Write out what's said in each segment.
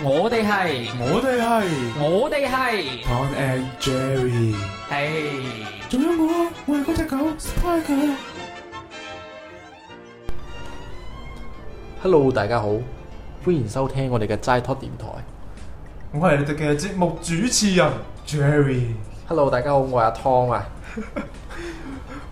我哋係，我哋係，我哋係。Tom and Jerry，係。仲有我，我係嗰隻狗，Spiker。Sp Hello，大家好，歡迎收聽我哋嘅齋 talk 電台。我係你哋嘅節目主持人 Jerry。Hello，大家好，我係阿 Tom 啊。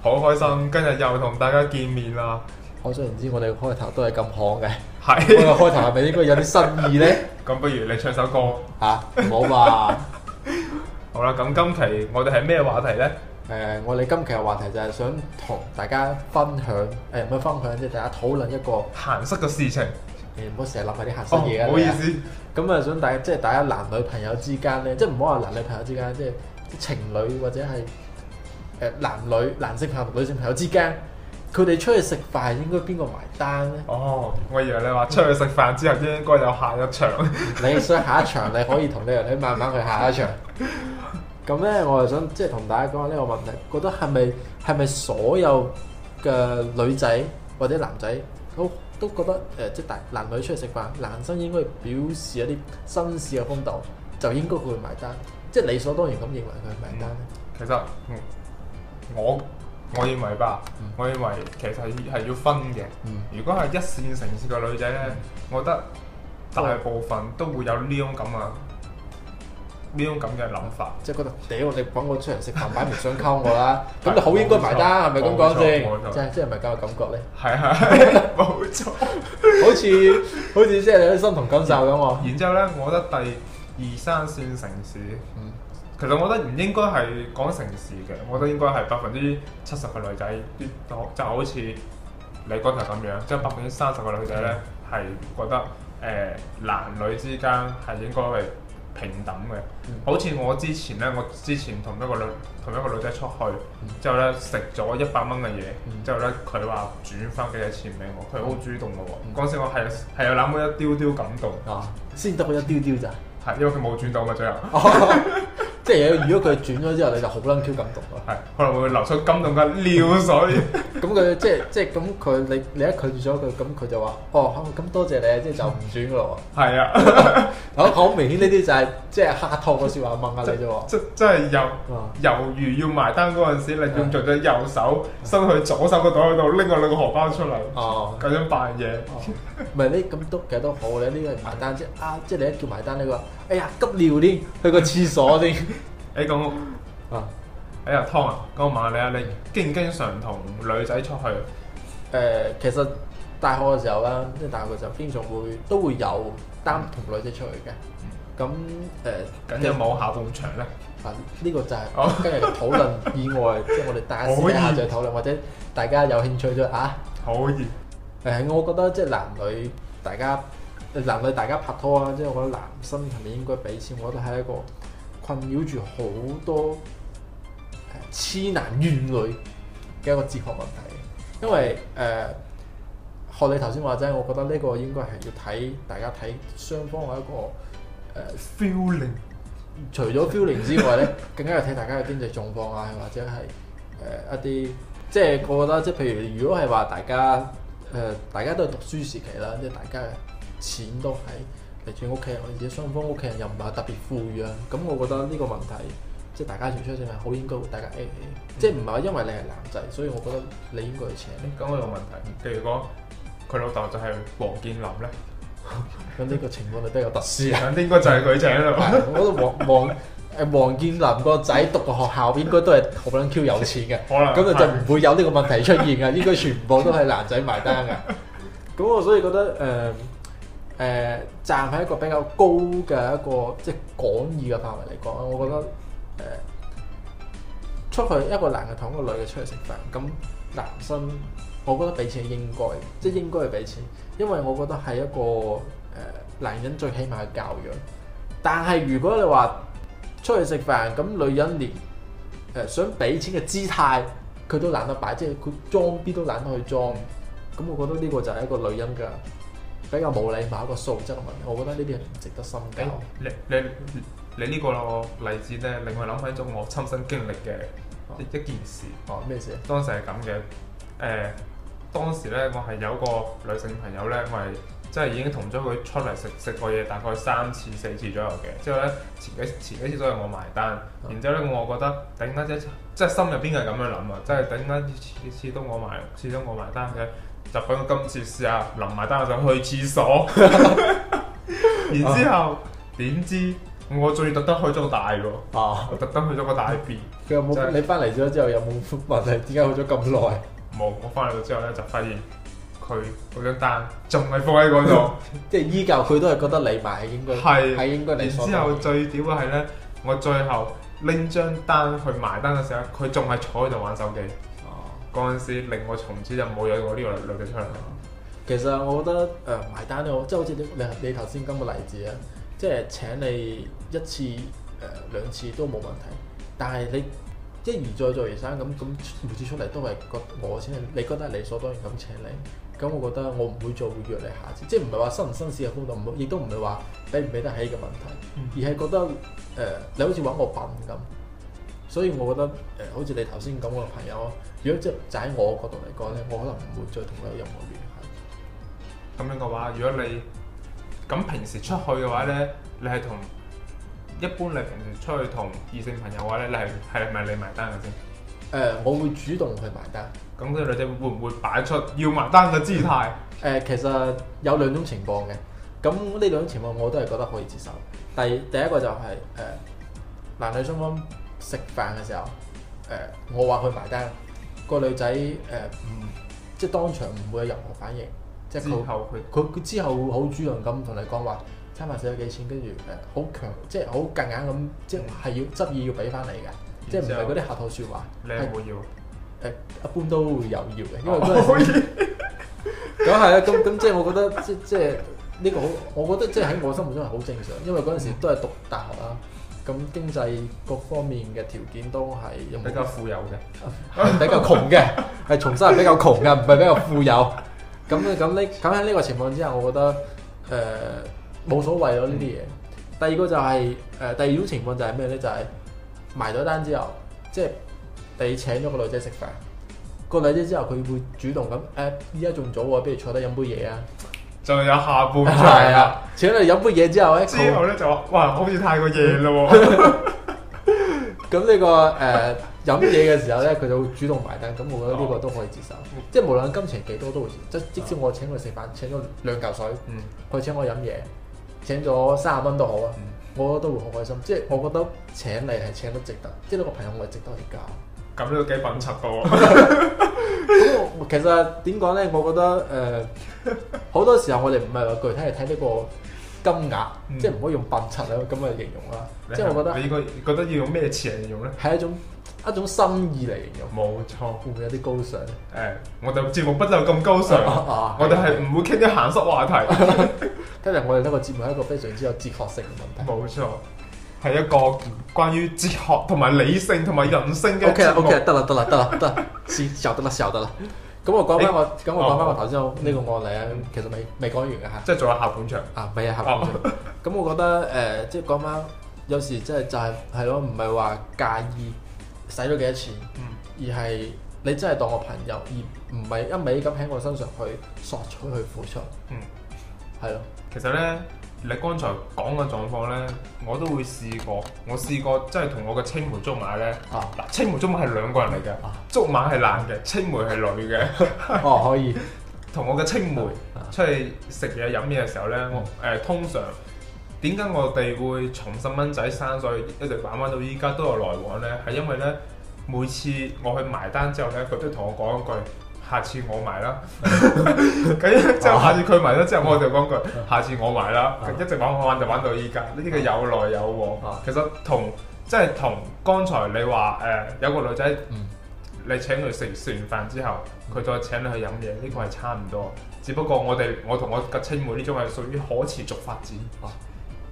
好 開心，今日又同大家見面啦。可想唔知我哋嘅開頭都係咁戇嘅。係，咁個開頭係咪應該有啲新意咧？咁不如你唱首歌吓，唔好話？好啦，咁今期我哋係咩話題咧？誒，我哋今期嘅話題就係想同大家分享，誒唔好分享即係大家討論一個鹹濕嘅事情，誒唔好成日諗下啲鹹濕嘢噶啦。唔好意思，咁啊想大家即係大家男女朋友之間咧，即係唔好話男女朋友之間，即係啲情侶或者係誒男女男性朋友同女性朋友之間。佢哋出去食飯應該邊個埋單呢？哦，我以為你話出去食飯之後應該有下一場。 你想下一場，你可以同你人哋慢慢去下一場。咁 呢，我就想即係同大家講下呢個問題，覺得係咪係咪所有嘅女仔或者男仔，都都覺得誒，即係男男女出去食飯，男生應該表示一啲紳士嘅風度，就應該佢去埋單，即係理所當然咁認為佢埋單呢，嗯。其實，嗯，我。我認為吧，我認為其實係要分嘅。如果係一線城市嘅女仔咧，嗯、我覺得大部分都會有呢種咁啊，呢種咁嘅諗法，即係覺得屌，你揾我出嚟食飯，擺明想溝我啦，咁你好應該埋單，係咪咁講先？即係即係咪咁嘅感覺咧？係啊，冇錯，好似好似即係你心同感受咁喎。然之後咧，我覺得第二三線城市。其實我覺得唔應該係講城市嘅，我覺得應該係百分之七十嘅女仔就好似你講頭咁樣，即係百分之三十嘅女仔呢，係覺得誒、呃、男女之間係應該係平等嘅。好似我之前呢，我之前同一個女同一個女仔出去之後呢，食咗一百蚊嘅嘢，之後呢，佢話轉翻幾多錢俾我，佢好主動嘅喎。嗰時我係係有諗到一丟丟感動，啊、先得過一丟丟咋，係因為佢冇轉到嘛，最後。 即係如果佢轉咗之後，你就好撚 Q 感動咯， 係可能會流出感動嘅尿水。 咁、就、佢、是、即係即係咁佢你你一拒絕咗佢，咁佢就話：哦，咁多謝，謝你，即係就唔、是、轉咯喎。係啊，好明顯呢啲就係即係客套嘅説話問下你啫喎。 即即係由猶豫、啊、要埋單嗰陣時，你用盡著咗右手伸去左手個袋度拎個兩個荷包出嚟，哦咁樣扮嘢。唔係呢，咁篤嘅都好，你呢個埋單即啊，即係你一叫埋單呢、這個。啊啊哎呀，急尿啲，去個廁所先。哎，講啊，哎 呀，湯啊，咁我問你啊，你經唔經常同女仔出去？誒，其實大學嘅時候啦，即係大學嘅時候，邊種會都會有擔同女仔出去嘅。咁誒，咁有冇下半場咧？啊，呢個就係今日嘅討論以外，即係我哋大家私底下再討論，或者大家有興趣咗啊？好嘅。誒，我覺得即係男女大家。男女大家拍拖啊，即係我覺得男生係咪應該俾錢？我覺得係一個困擾住好多痴男怨女嘅一個哲學問題。因為誒，學、呃、你頭先話齋，我覺得呢個應該係要睇大家睇雙方一個誒、呃、feeling，除咗 feeling 之外咧， 更加要睇大家嘅經濟狀況啊，或者係誒、呃、一啲即係我覺得即係譬如如果係話大家誒大家都係讀書時期啦，即係大家。錢都係嚟自屋企人，而且雙方屋企人又唔係特別富裕啊。咁我覺得呢個問題，即係大家團出嚟好應該會大家 A A，嗯、即係唔係因為你係男仔，所以我覺得你應該去請咧。咁、嗯、我有問題，譬如講佢老豆就係王健林咧，咁呢 個情況就比較特殊啊。咁應該就係佢請啦、 嗯嗯嗯。我覺得王王誒王健林個仔讀個學校應該都係好撚 Q 有錢嘅，咁能就就唔會有呢個問題出現嘅。 應該全部都係男仔埋單嘅。咁 我所以覺得誒。嗯誒、呃、站喺一個比較高嘅一個即係廣義嘅範圍嚟講，我覺得誒、呃、出去一個男嘅同一個女嘅出去食飯，咁男生我覺得俾錢係應該，即係應該係俾錢，因為我覺得係一個誒、呃、男人最起碼嘅教養。但係如果你話出去食飯，咁女人連誒、呃、想俾錢嘅姿態，佢都懶得擺，即係佢裝逼都懶得去裝。咁我覺得呢個就係一個女人㗎。比較冇禮貌，個素質嘅問題，我覺得呢啲係唔值得深究。你你你呢個例子咧，令我諗翻咗我親身經歷嘅一件事。哦、啊，咩、啊、事當、欸？當時係咁嘅，誒，當時咧我係有個女性朋友咧，我係即係已經同咗佢出嚟食食過嘢，大概三次四次左右嘅。之後咧前幾前幾次都係我埋單，啊、然之後咧我覺得頂得啫，即係心入邊係咁樣諗啊，即係頂得次次都我埋次都我埋次都我埋單嘅。就畀我今次試下臨埋單，我就去廁所。然之後點知我仲要特登去咗大喎。啊！我特登去咗個大便。佢、啊就是、有冇？你翻嚟咗之後有冇問佢點解去咗咁耐？冇，我翻嚟咗之後咧就發現佢嗰張單仲係放喺嗰度， 即係依舊佢都係覺得你埋係應該係係是應該你。然之後最屌嘅係咧，我最後拎張單去埋單嘅時候，佢仲係坐喺度玩手機。嗰陣時令我從此就冇有過呢個女嘅出嚟。其實我覺得誒、呃、埋單都好，即係好似你你頭先咁個例子啊，即係請你一次誒、呃、兩次都冇問題。但係你一而再再而三咁咁每次出嚟都係覺我先，你覺得係理所當然咁請你。咁我覺得我唔會再會約你下次，即係唔係話新唔新鮮嘅風度，亦都唔係話俾唔俾得起嘅問題，而係覺得誒、呃、你好似揾我笨咁。所以我覺得誒、呃、好似你頭先咁個朋友。如果即就喺我，我角度嚟講咧，我可能唔會再同你有任何聯繫。咁樣嘅話，如果你咁平時出去嘅話咧，你係同一般你平時出去同異性朋友嘅話咧，你係係咪你埋單嘅先？誒、呃，我會主動去埋單。咁即係女仔會唔會擺出要埋單嘅姿態？誒、呃，其實有兩種情況嘅。咁呢兩種情況我都係覺得可以接受。第二第一個就係、是、誒、呃，男女雙方食飯嘅時候，誒、呃、我話去埋單。個女仔誒唔即係當場唔會有任何反應，即係佢佢佢之後好主動咁同你講話，餐飯使咗幾錢，跟住誒好強，即係好夾硬咁，即係係要執意要俾翻你嘅，即係唔係嗰啲客套説話。你有冇要？誒一般都會有要嘅，因為嗰陣時咁係啊，咁咁即係我覺得即即係呢個好，我覺得即係喺我心目中係好正常，因為嗰陣時都係讀大學啦。咁經濟各方面嘅條件都係比較富有嘅，比較窮嘅，係從生係比較窮嘅，唔係比較富有。咁咧咁呢咁喺呢個情況之下，我覺得誒冇、呃、所謂咯呢啲嘢。第二個就係誒第二種情況就係咩咧？就係、是、埋咗單之後，即係你請咗個女仔食飯，個女仔之後佢會主動咁誒，依家仲早喎，不如坐低飲杯嘢啊！就有下半場啦、嗯啊。請你飲杯嘢之後咧，之後咧就話：哇，好似太過夜咯喎。咁呢、 呢個誒飲嘢嘅時候咧，佢就會主動埋單。咁我覺得呢個都可以接受。哦、即係無論金錢幾多，都會即、哦、即使我請佢食飯，請咗兩嚿水，嗯，佢請我飲嘢，請咗三十蚊都好啊，嗯、我都會好開心。即係我覺得請你係請得值得，即係呢個朋友我係值得嚟交。咁你都幾品質噶喎！ 咁 其實點講咧？我覺得誒，好、呃、多時候我哋唔係話具體係睇呢個金額，嗯、即係唔可以用笨柒嚟咁嘅形容啦。是即係我覺得你個覺得要用咩詞嚟形容咧？係一種一種心意嚟形容。冇錯錯，會唔會有啲高尚？誒、欸，我哋節目不就咁高尚。啊啊啊、我哋係唔會傾啲鹹濕話題。今日我哋呢個節目係一個非常之有哲學性嘅問題。冇錯。係一個關於哲學同埋理性同埋人性嘅 Okay, okay。 O K 啦，O K 啦，得啦，得啦，得啦，得，時候得啦，時候得啦。咁我講翻我，咁、欸、我講翻我頭先呢個案例、嗯、啊，其實未未講完嘅吓。即係仲有下半場啊，未啊，下半場。咁、哦、我覺得誒、呃，即係講翻，有時即係就係係咯，唔係話介意使咗幾多錢，嗯，而係你真係當我朋友，而唔係一味咁喺我身上去索取去付出，嗯，係咯的。其實咧。你剛才講嘅狀況呢，我都會試過。我試過即係同我嘅青梅竹馬呢，嗱、啊、青梅竹馬係兩個人嚟嘅，啊、竹馬係男嘅，青梅係女嘅。 哦，可以。同 我嘅青梅出去食嘢飲嘢嘅時候呢，嗯、我誒、呃、通常點解我哋會從細蚊仔三歲一直玩玩到依家都有來往呢？係因為呢，每次我去埋單之後呢，佢都同我講一句。下次我埋啦，咁之 後下次佢埋啦，之後我就講句 下次我埋啦， 一直玩玩玩就玩到依家，呢啲嘅有來有往，其實同即係同剛才你話誒、呃、有個女仔，嗯、你請佢食食完飯之後，佢再請你去飲嘢，呢、呢個係差唔多，只不過我哋我同我嘅青妹呢種係屬於可持續發展。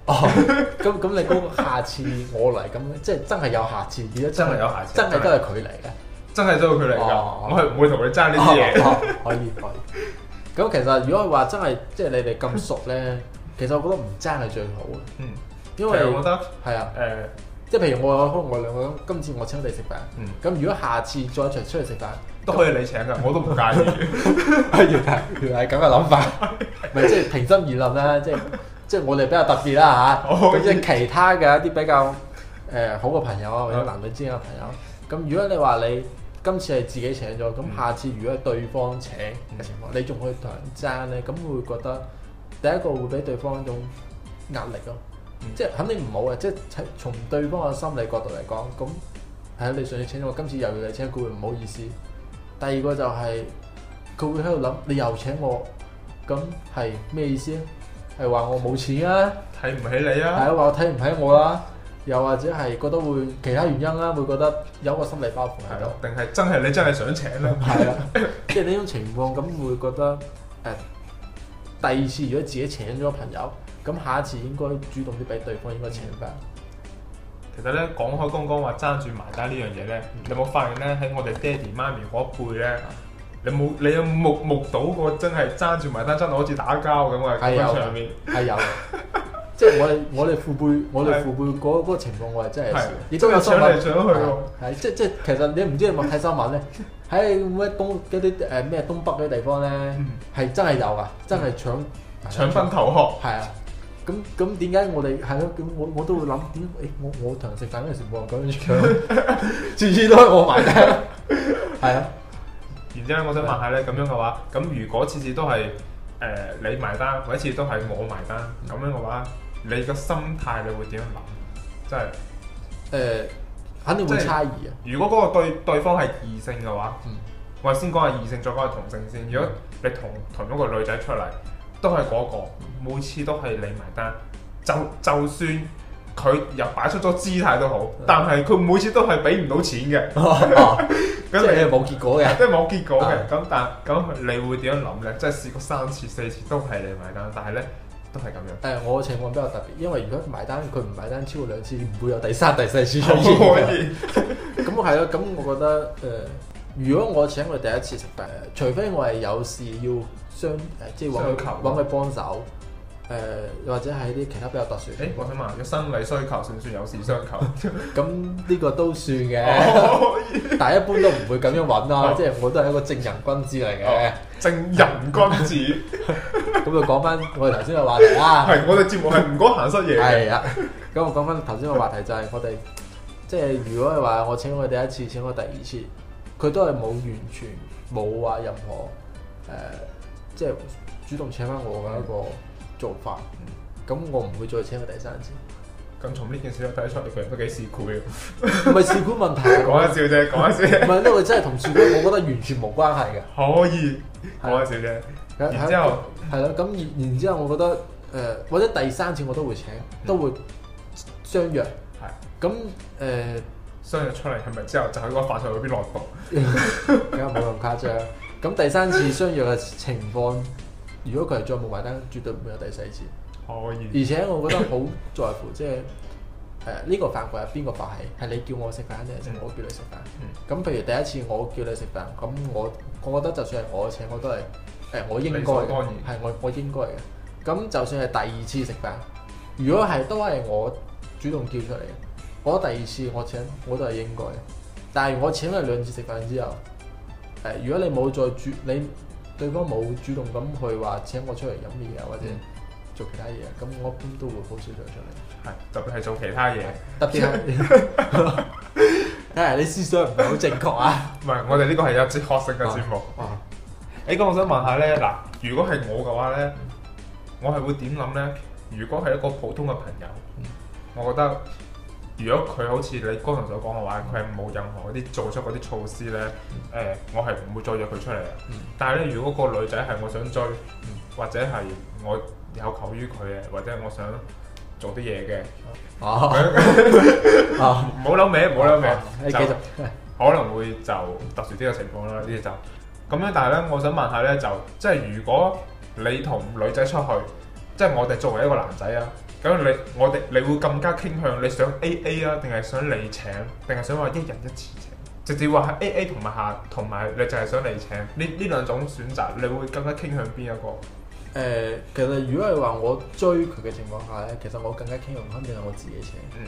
啊、哦，咁咁你估下次我嚟咁，即係真係有下次見到真係有下次，真係都係佢嚟嘅。真係爭佢嚟㗎，我係唔會同佢爭呢啲嘢。可以可以。咁其實如果話真係即係你哋咁熟咧，其實我覺得唔爭係最好嘅。嗯，因為我覺得，係啊，誒，即係譬如我我我兩個今次我請你食飯。咁如果下次再一齊出去食飯，都可以你請㗎，我都唔介意。原來，原來係咁嘅諗法。咪即係平心而論啦，即係即係我哋比較特別啦嚇，即係其他嘅一啲比較誒好嘅朋友啊，或者男女之間嘅朋友，咁如果你話你。今次係自己請咗，咁下次如果係對方請嘅情況，嗯、你仲可以同人爭咧？咁會覺得第一個會俾對方一種壓力咯、嗯，即係肯定唔好啊，即係從對方嘅心理角度嚟講，咁係啊，你上次請我，今次又要你請，佢會唔好意思。第二個就係佢會喺度諗，你又請我，咁係咩意思？係話我冇錢啊？睇唔起你啊？係啊，話我睇唔起我啊？嗯又或者係覺得會其他原因啦，啊，會覺得有個心理包袱喺度，定係真係你真係想請咧？係 啊，即係呢種情況，咁會覺得誒、呃，第二次如果自己請咗朋友，咁下一次應該主動啲俾對方應該請翻，嗯。其實咧，講開剛剛話爭住埋單呢樣嘢咧，你有冇發現咧，喺我哋爹哋媽咪嗰輩咧，你冇你有目目睹過真係爭住埋單真好似打交咁嘅上面？係有。 即係我哋我哋父輩我哋父輩嗰嗰個情況我係真係少，亦都有搶嚟搶去，係即係即係其實你唔知係咪睇新聞咧？喺咩東一啲誒咩東北嗰啲地方咧，係真係有啊，真係搶搶分頭殼係啊！咁咁點解我哋係咯？咁我我都會諗點？誒我我同人食飯嗰陣時冇人敢搶，次次都係我埋單，係啊！然之後我想問下咧，咁樣嘅話，咁如果次次都係誒你埋單，每一次都係我埋單，咁樣嘅話？你個心態你會點樣諗？即係誒，肯定會差異嘅。如果嗰個對，對方係異性嘅話，嗯、我先講下異性，再講下同性先。如果你同、嗯、同一個女仔出嚟，都係嗰、嗰個，每次都係你埋單。就就算佢又擺出咗姿態都好，但係佢每次都係俾唔到錢嘅，啊、 你係冇、啊、結果嘅、啊，即係冇結果嘅。咁但咁，你會點樣諗咧？即係試過三次四次都係你埋單，但係咧。都係咁樣，誒，我嘅情況比較特別，因為如果埋單佢唔埋單超過兩次，唔會有第三、 第四次出現。咁我係咯，咁我覺得誒、呃，如果我請佢第一次食飯，除非我係有事要相誒，即係揾佢揾佢幫手。就是誒、呃，或者係啲其他比較特殊誒、欸，我想問嘅生理需求算唔算有事相求？咁呢 個都算嘅。但係、oh, yeah. 一般都唔會咁樣揾啊，oh. 即係我都係一個正人君子嚟嘅。、oh. 正人君子。咁 就講翻我哋頭先嘅話題啦，係我哋節目係唔講閒失嘢。係啊，咁我講翻頭先嘅話題就係我哋即係如果係話我請我第一次，請我第二次，佢都係冇完全冇話任何誒、即、呃、係、就是、主動請翻我嘅一個。做法，咁我唔會再請佢第三次。咁從呢件事都睇得出嚟，佢都幾市儈，唔係市儈問題。講下笑啫，講下笑。唔係，因為真係同市儈，我覺得完全冇關係嘅。可以，講下笑啫。然之後係咯，咁然然之後，我覺得誒，或者第三次我都會請，都會相約。係。咁誒，相約出嚟係咪之後就喺個飯桌嗰邊落毒？梗係冇咁誇張。咁第三次相約嘅情況。如果佢係再冇埋單，絕對唔會有第四次。可以。而且我覺得好在乎，即係誒呢個飯局係邊個發起？係你叫我食飯定係我叫你食飯？咁、嗯、譬如第一次我叫你食飯，咁我我覺得就算係我請，我都係誒、呃、我應該，係我我應該嘅。咁就算係第二次食飯，如果係都係我主動叫出嚟，嘅，我第二次我請，我都係應該嘅。但係我請咗兩次食飯之後，誒、呃、如果你冇再主你。你對方冇主動咁去話請我出嚟飲嘢啊，或者做其他嘢，咁我一般都會好少約出嚟。係，特別係做其他嘢，特別係，係你思想唔係好正確啊！唔係，我哋呢個係有一哲學性嘅節目。誒、啊，咁、啊欸、我想問下咧，嗱，如果係我嘅話咧，嗯、我係會點諗咧？如果係一個普通嘅朋友，我覺得。如果佢好似你剛才所講嘅話，佢係冇任何啲做出嗰啲措施呢，誒、呃，我係唔會再約佢出嚟。但係呢，如果個女仔係我想追，或者係我有求於佢嘅，或者我想做啲嘢嘅，哦、啊，冇諗尾，冇諗尾，啊啊、就可能會就特殊啲嘅情況啦，呢啲就咁樣。但係呢，我想問下呢，就即係如果你同女仔出去，即係我哋作為一個男仔啊。咁你我哋你會更加傾向你想 A A 啊，定係想你請，定係想話一人一次請，直接話係 A A 同埋下同埋你淨係想你請呢呢兩種選擇，你會更加傾向邊一個？誒、呃，其實如果係話我追佢嘅情況下咧，其實我更加傾向肯定係我自己請。嗯。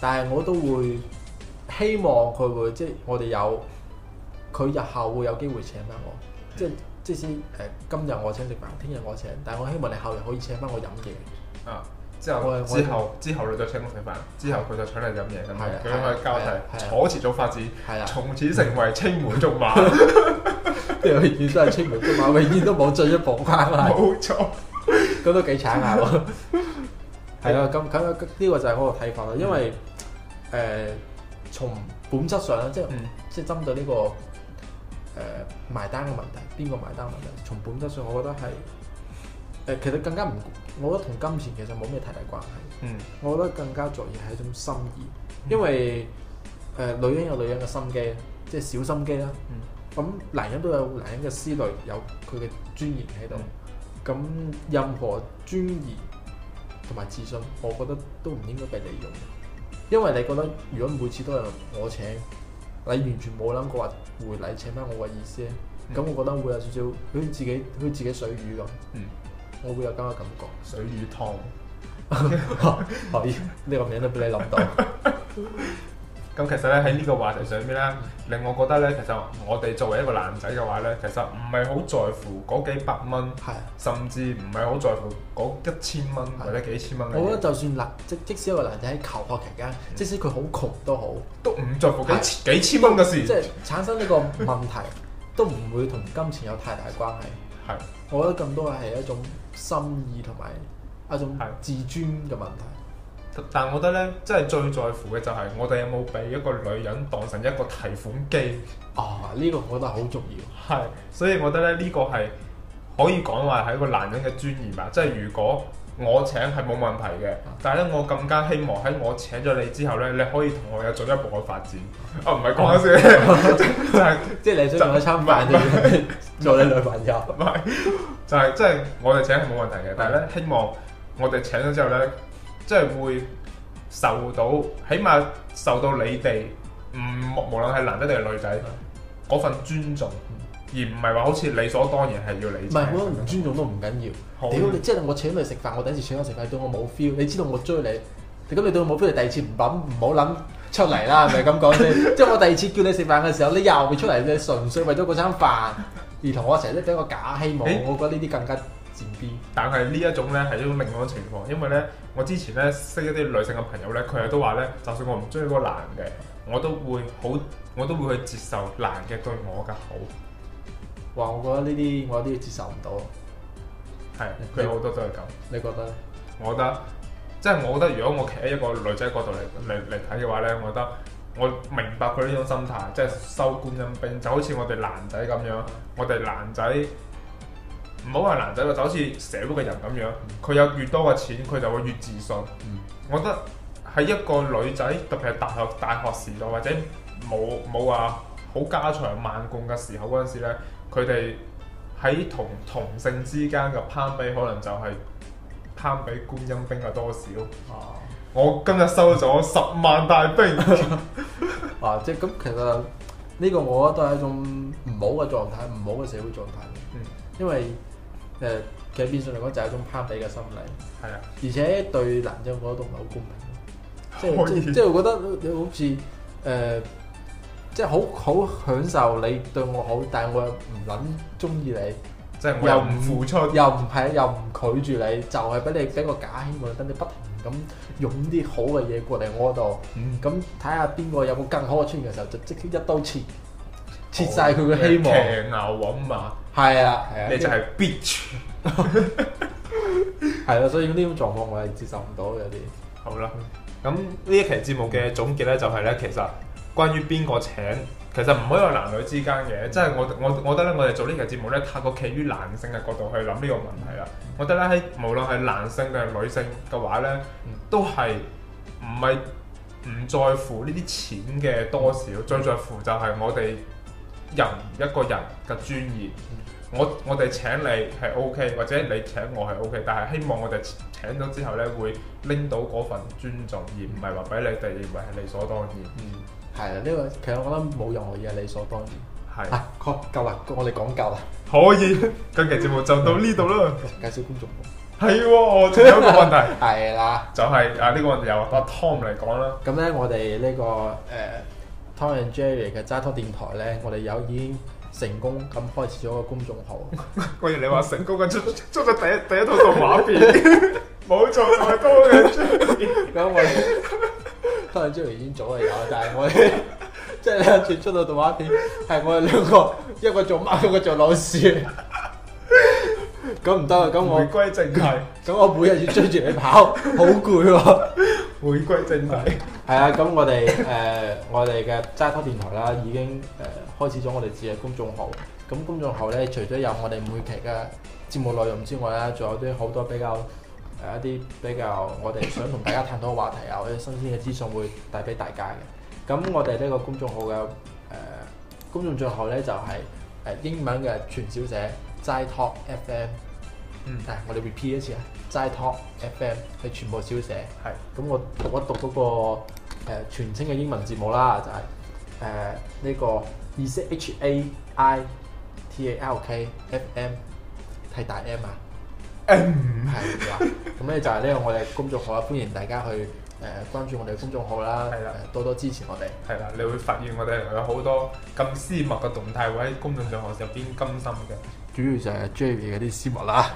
但係我都會希望佢會即係我哋有佢日後會有機會請翻我，嗯、即係即使誒、呃、今日我請食飯，聽日我請，但係我希望你後日可以請翻我飲嘢。啊、嗯。之後之後之後你就請我食飯，之後佢就請嚟飲嘢，咁樣佢去交際，啊、坐持咗發展，從、啊、此成為青梅竹馬。永遠都係青梅竹馬，永遠都冇進一步關係。冇錯，咁都幾慘下喎。係 啊，咁咁呢個就係我個睇法啦。因為誒、嗯呃、從本質上即係即係針對呢、呢個誒、呃、埋單嘅問題，邊個埋單問題？從本質上，我覺得係誒其實更加唔。我覺得同金錢其實冇咩太大關係。嗯，我覺得更加在意係一種心意、嗯，因為誒、呃、女人有女人嘅心機，即係小心機啦。咁、嗯嗯、男人都有男人嘅思慮，有佢嘅尊嚴喺度。咁、嗯、任何尊嚴同埋自信，我覺得都唔應該被利用。因為你覺得如果每次都係我請，你完全冇諗過話回禮請返，我嘅意思咧。咁、嗯、我覺得會有少少好似自己好似自己水魚咁。嗯。我會有咁嘅感覺，水魚湯。可以，呢個名都俾你諗到。咁其實咧，喺呢個話題上面咧，令我覺得咧，其實我哋作為一個男仔嘅話咧，其實唔係好在乎嗰幾百蚊，甚至唔係好在乎嗰一千蚊或者幾千蚊。我覺得就算男，即即使一個男仔喺求學期間，即使佢好窮都好，都唔在乎幾千幾千蚊嘅事。即係產生呢個問題，都唔會同金錢有太大關係。係，是我覺得更多係一種心意同埋一種自尊嘅問題。但我覺得咧，即係最在乎嘅就係我哋有冇俾一個女人當成一個提款機啊？呢個我覺得好重要。係，所以我覺得咧呢個係可以講話係一個男人嘅尊嚴吧。即係如果。我請係冇問題嘅，但係咧我更加希望喺我請咗你之後咧，你可以同我有進一步嘅發展。啊，唔係講笑是， 就即係說 你想食餐飯，做你女朋友，唔係 就係即係我哋請係冇問題嘅，但係咧希望我哋請咗之後咧，即係會受到，起碼受到你哋唔無論係男仔定係女仔嗰 份尊重。而唔係話好似理所當然係要理，唔係是，我唔尊重都唔緊要。屌好你，即係我請你食飯，我第一次請你食飯，你對我冇 feel，你知道我追你。你咁你對我冇 feel，第二次唔諗唔好諗出嚟啦，係咪咁講先？ 即係我第二次叫你食飯嘅時候，你又未出嚟，你純粹為咗嗰餐飯而同我成日都俾個假希望。欸、我覺得呢啲更加賤啲。但係呢一種咧係一種另外一種情況，因為咧我之前咧識一啲女性嘅朋友咧，佢哋都話咧，就算我唔中意個男嘅，我都會好，我都會去接受男嘅對我嘅好。話，我覺得呢啲我有啲接受唔到。係佢好多都係咁，你覺得咧？我覺得即係我覺得，覺得如果我企喺一個女仔角度嚟嚟嚟睇嘅話呢，我覺得我明白佢呢種心態，嗯、即係收觀音兵就好似我哋男仔咁樣。我哋男仔唔好話男仔就好似社會嘅人咁樣，佢、嗯、有越多嘅錢，佢就會越自信。嗯、我覺得喺一個女仔，特別係大學大學時代或者冇冇話好家財萬貫嘅時候嗰陣時咧。佢哋喺同同性之間嘅攀比，可能就係攀比觀音兵嘅多少。啊、我今日收咗十萬大兵啊！即係咁其實呢個我覺得都係一種唔好嘅狀態，唔好嘅社會狀態。嗯，因為誒其，其實變相嚟講就係一種攀比嘅心理。係啊，而且對男人我覺得都唔係好公平。即即係我覺得你好似誒。呃即係好好享受你對我好，但係我又唔諗中意你，即係我又唔付出，又唔係又唔拒絕你，就係俾你俾個假希望，等你不停咁用啲好嘅嘢過嚟我度，咁睇下邊個有冇更好嘅出現嘅時候，就即刻一刀切，切晒佢嘅希望。騎牛搵馬係啊，你就係 bitch，係啦，所以呢種狀況我係接受唔到嘅啲。好啦，咁呢一期節目嘅總結咧就係咧，其實。關於邊個請，其實唔可以話男女之間嘅，即係我我我覺得咧，我哋做呢個節目咧，太過企於男性嘅角度去諗呢個問題啦。我覺得咧，無論係男性定係女性嘅話咧，都係唔係唔在乎呢啲錢嘅多少，最在乎就係我哋人一個人嘅尊嚴。我我哋請你係 OK，或者你請我係 OK，但係希望我哋請咗之後咧，會拎到嗰份尊重，而唔係話俾你哋認為係理所當然。嗯。係啊，呢個其實我覺得冇任何嘢理所當然。係的啊，夠啦，我哋講夠啦，可以。今期節目就到呢度啦。介紹公眾號，係，仲有一個問題，係啦 的，就係、是、啊呢、呢個問題由阿 Tom 嚟講啦。咁咧，我哋呢、呢個誒、呃、Tom and Jerry 嘅揸拖電台咧，我哋有已經成功咁開始咗個公眾號。果然你話成功咁出，出出咗第一第一套動畫片，冇 做太多嘅出。咁咪？ 多人追嚟已經早係有，但係我哋即係兩次出到動畫片，係我哋兩個一個做貓，一個做老師。咁唔得啊！咁我回歸正題，咁我每日要追住你跑，好攰喎。回歸正題，係啊！咁我哋誒，我哋嘅齋拖電台啦，已經誒開始咗我哋自己嘅公眾號。咁公眾號咧，除咗有我哋每期嘅節目內容之外咧，仲有啲好多比較。係一啲比較我哋想同大家探討嘅話題啊，或者新鮮嘅資訊會帶俾大家嘅。咁我哋呢個公眾號嘅誒公眾帳號咧就係誒英文嘅全小寫齋 talk FM。嗯。係，我哋 repeat 一次啊，齋 talk FM 係全部小寫，係，咁我讀一讀個誒全稱嘅英文字母啦，就係誒呢個 Z H A I T A L K F M 係大 M 啊。唔係，咁咧、um、 就係呢個我哋公眾號啊，歡迎大家去誒、呃、關注我哋公眾號啦，係啦，多多支持我哋，係啦，你會發現我哋有好多咁私密嘅動態，會喺公眾號入邊更新嘅，主要就係 Jay 嗰啲私密啦。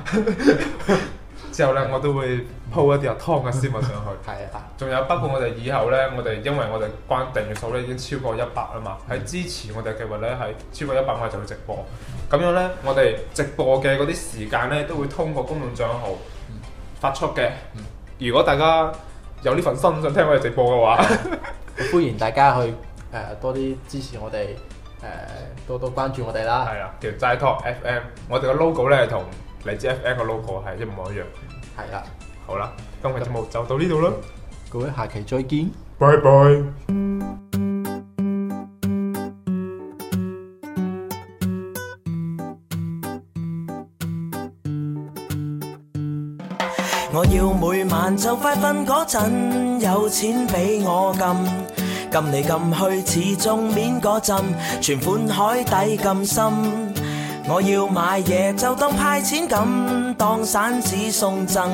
之後咧，嗯、我都會鋪一啲阿湯嘅絲襪上去。係啊、嗯，仲有包括我哋以後咧，我哋因為我哋關訂閱數咧已經超過一百啦嘛。喺、嗯、支持我哋嘅計劃咧係超過一百，我哋就會直播。咁、嗯、樣咧，我哋直播嘅嗰啲時間咧都會通過公眾帳號發出嘅。嗯、如果大家有呢份心想聽我哋直播嘅話， 歡迎大家去誒、呃、多啲支持我哋誒、呃、多多關注我哋啦。係啊，叫齋 Talk FM 我。我哋個 logo 咧係同。荔枝 FM 個 logo 係一模一樣，係啦，好啦，今日節目就到呢度啦，各位下期再見，拜拜。我要每晚就快瞓嗰陣，有錢俾我撳撳嚟撳去，始終面嗰陣，全款海底咁深。我要買嘢就當派錢咁，當散紙送贈，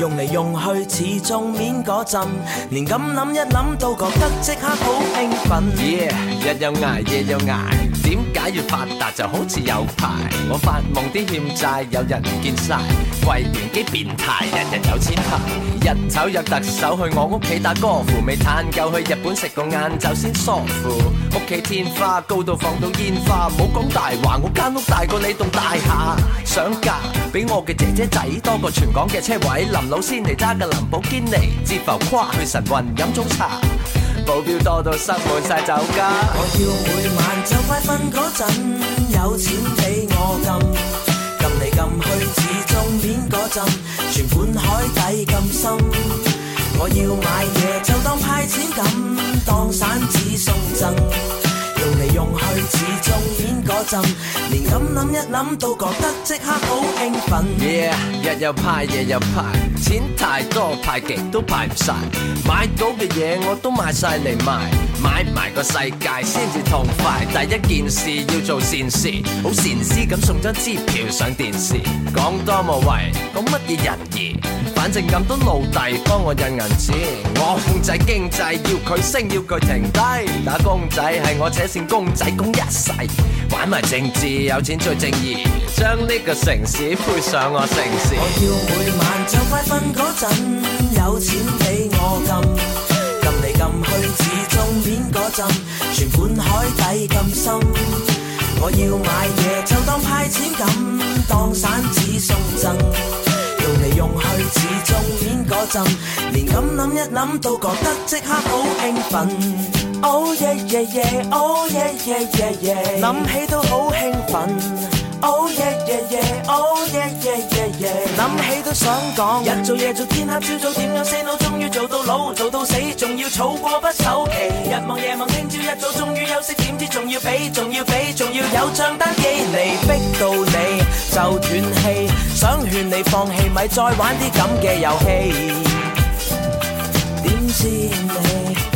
用嚟用去始終面嗰陣，連咁諗一諗都覺得即刻好興奮。耶、yeah，一有 h 日又捱，夜又捱。假如要發達就好似有排，我發夢啲欠債有人唔見晒，櫃員機變態，人人有錢派。一走有特首去我屋企打高爾夫，未嘆夠去日本食個晏晝先梳乎。屋企天花高到放到煙花，唔好講大話，我間屋大過你棟大廈。想嫁俾我嘅姐姐仔多過全港嘅車位，林老先嚟揸嘅林寶堅尼，接浮誇去晨運飲早茶。保鏢多到塞滿晒酒家，我要每晚就快瞓嗰陣，有錢俾我撳，撳嚟撳去始終面嗰陣，存款海底咁深，我要買嘢就當派錢咁，當散紙送贈。用嚟用去始終演嗰陣，連咁諗一諗都覺得即刻好興奮。日又派夜又派，錢太多派極都派唔晒，買到嘅嘢，我都賣晒嚟賣，買埋個世界先至痛快。第一件事要做善事，好善士咁送張支票上電視，講多無謂，講乜嘢仁義，反正咁多奴隸幫我印銀紙，我控制經濟，要佢升要佢停低，打工仔係我請。攻攻一線公仔公一世，玩埋政治有錢最正義，將呢個城市背上我姓氏。我要每晚就快瞓嗰陣有錢俾我撳撳嚟撳去中，始終面嗰陣存款海底咁深。我要買嘢就當派錢咁，當散紙送贈，用嚟用去始終面嗰陣，連咁諗一諗都覺得即刻好興奮。諗起都好興奮，諗起都想講。日做夜做，天黑朝早，點樣 say no 終於做到老做到死，仲要儲過不首期。日忙夜忙，聽朝一早終於休息，點知仲要俾仲要俾仲要有賬單寄，你逼到你就斷氣，想勸你放棄咪再玩啲咁嘅遊戲，點知你？